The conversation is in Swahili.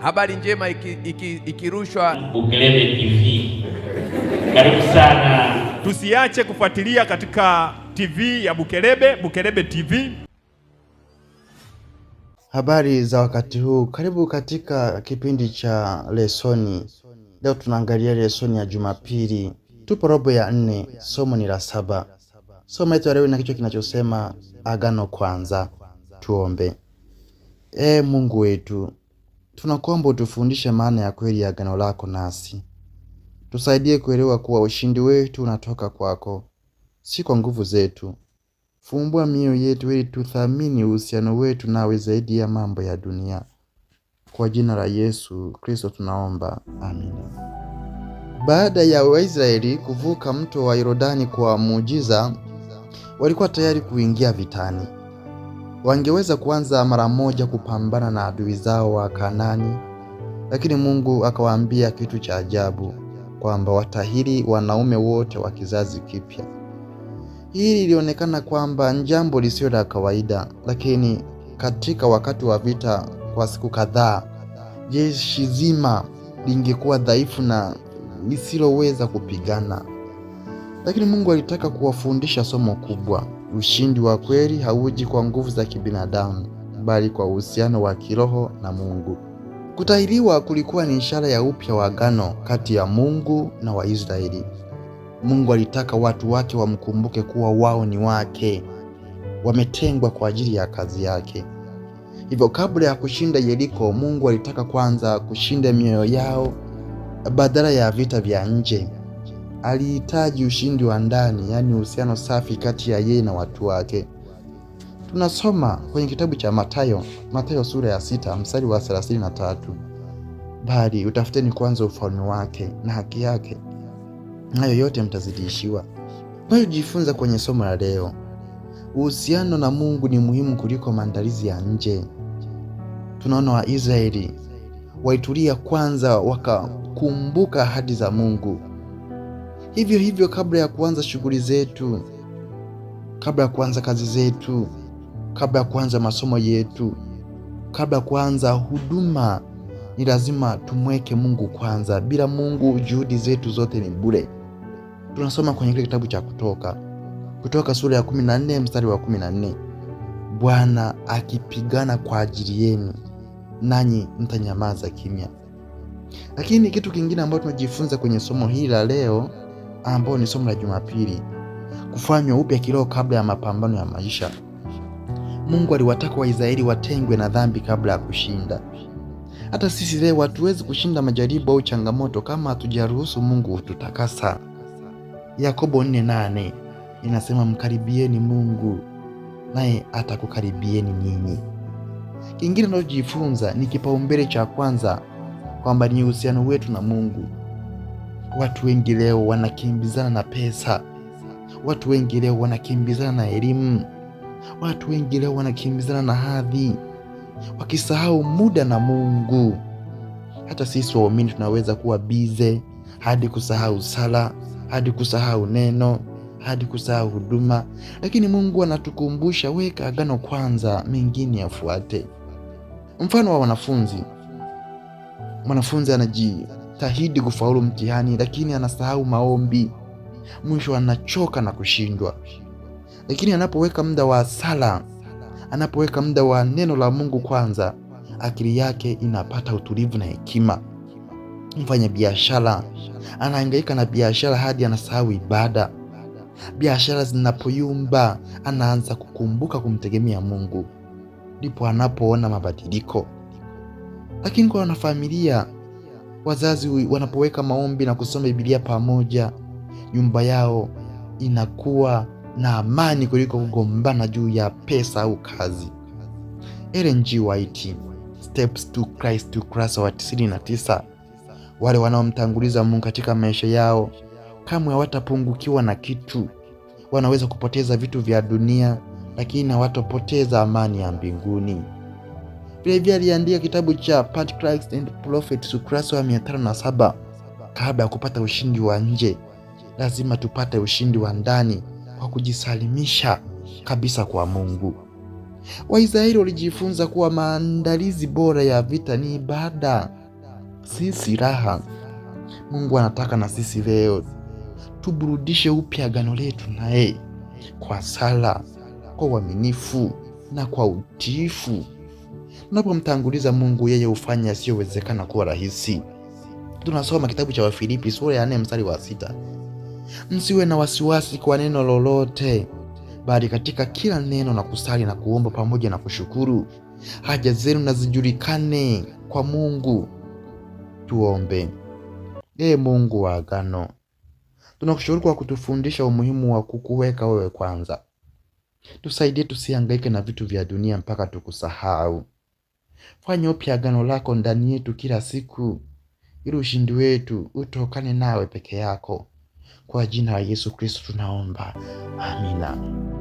Habari njema ikirushwa iki, iki Bukelebe TV. Karibu sana, tusiache kufuatilia katika TV ya Bukelebe, Bukelebe TV. Habari za wakati huu, karibu katika kipindi cha lesoni. Leo tunaangalia lesoni ya Jumapili, tupo robo ya nne, somo ni la saba. Somo letu leo na kichwa kinachosema agano kwanza. Tuombe. E Mungu wetu Tunakuomba utufundishe maana ya kweli ya agano lako nasi, tusaidie kuelewa kuwa ushindi wetu unatoka kwako, si kwa nguvu zetu. Fumbua mioyo yetu ili tuthamini uhusiano wetu nawe zaidi ya mambo ya dunia. Kwa jina la Yesu Kristo tunaomba, amina. Baada ya Waisraeli kuvuka mto wa Yordani kwa muujiza, walikuwa tayari kuingia vitani. Wangeweza kuanza mara moja kupambana na adui zao wa Kanaani, lakini Mungu akawaambia kitu cha ajabu kwamba watahiri wanaume wote wa kizazi kipya. Hili lilionekana kwamba ni jambo lisilo la kawaida, lakini katika wakati wa vita kwa siku kadhaa, jeshi zima lingekuwa dhaifu na lisiloweza kupigana. Lakini Mungu alitaka kuwafundisha somo kubwa. Ushindi wa kweli hauji kwa nguvu za kibinadamu, bali kwa uhusiano wa kiroho na Mungu. Kutahiriwa kulikuwa ni ishara ya upya wa agano kati ya Mungu na Waisraeli. Mungu alitaka watu wake wamkumbuke kuwa wao ni wake, wametengwa kwa ajili ya kazi yake. Hivyo, kabla ya kushinda Yeriko, Mungu alitaka kwanza kushinda mioyo yao badala ya vita vya nje alihitaji ushindi wa ndani, yaani uhusiano safi kati ya yeye na watu wake. Tunasoma kwenye kitabu cha Mathayo, Mathayo sura ya sita mstari wa tatu bali utafuteni kwanza ufalme wake na haki yake, nayo yote mtazidishiwa. Tunayojifunza kwenye somo la leo, uhusiano na Mungu ni muhimu kuliko maandalizi ya nje. Tunaona Waisraeli waitulia kwanza, wakakumbuka ahadi za Mungu Hivyo hivyo, kabla ya kuanza shughuli zetu, kabla ya kuanza kazi zetu, kabla ya kuanza masomo yetu, kabla ya kuanza huduma, ni lazima tumweke Mungu kwanza. Bila Mungu juhudi zetu zote ni bure. Tunasoma kwenye kile kitabu cha Kutoka, Kutoka sura ya 14 mstari wa 14, Bwana akipigana kwa ajili yenu nanyi mtanyamaza kimya. Lakini kitu kingine ambacho tunajifunza kwenye somo hili la leo ambao ni somo la Jumapili, kufanywa upya kiroho kabla ya mapambano ya maisha. Mungu aliwataka Waisraeli watengwe na dhambi kabla ya kushinda. Hata sisi leo hatuwezi kushinda majaribu au changamoto kama hatujaruhusu Mungu kututakasa. Yakobo 4:8 inasema mkaribieni Mungu naye atakukaribieni nyinyi. Kingine tunachojifunza ni kipaumbele cha kwanza kwamba ni uhusiano wetu na Mungu. Watu wengi leo wanakimbizana na pesa, watu wengi leo wanakimbizana na elimu, watu wengi leo wanakimbizana na hadhi, wakisahau muda na Mungu. Hata sisi waumini tunaweza kuwa bize hadi kusahau sala, hadi kusahau neno, hadi kusahau huduma, lakini Mungu anatukumbusha, weka agano kwanza, mengine yafuate. Mfano wa wanafunzi, mwanafunzi anaji anajitahidi kufaulu mtihani, lakini anasahau maombi. Mwisho anachoka na kushindwa. Lakini anapoweka muda wa sala, anapoweka muda wa neno la Mungu kwanza, akili yake inapata utulivu na hekima. Mfanya biashara anahangaika na biashara hadi anasahau ibada. Biashara zinapoyumba, anaanza kukumbuka kumtegemea Mungu, ndipo anapoona mabadiliko. Lakini kwa wanafamilia Wazazi wanapoweka maombi na kusoma Biblia pamoja, nyumba yao inakuwa na amani kuliko kugombana juu ya pesa au kazi. lng G. White, Steps to Christ, ukurasa wa 99. Wale wanaomtanguliza Mungu katika maisha yao kamwe hawatapungukiwa na kitu. Wanaweza kupoteza vitu vya dunia, lakini hawatopoteza amani ya mbinguni. Vile aliandika kitabu cha Christ and Prophets ukurasa wa 507. Kabla ya kupata ushindi wa nje, lazima tupate ushindi wa ndani kwa kujisalimisha kabisa kwa Mungu. Waisraeli walijifunza kuwa maandalizi bora ya vita ni ibada, si silaha. Mungu anataka na sisi leo tuburudishe upya agano letu naye kwa sala, kwa uaminifu na kwa utiifu. Unapomtanguliza Mungu, yeye hufanya asiyowezekana kuwa rahisi. Tunasoma kitabu cha Wafilipi sura ya 4 mstari wa sita, msiwe na wasiwasi kwa neno lolote, bali katika kila neno na kusali na kuomba pamoja na kushukuru, haja zenu na zijulikane kwa Mungu. Tuombe. Ee Mungu wa agano, tunakushukuru kwa kutufundisha umuhimu wa kukuweka wewe kwanza. Tusaidie tusihangaike na vitu vya dunia mpaka tukusahau. Fanya upya agano lako ndani yetu kila siku, ili ushindi wetu utokane nawe peke yako. Kwa jina la Yesu Kristo tunaomba, amina.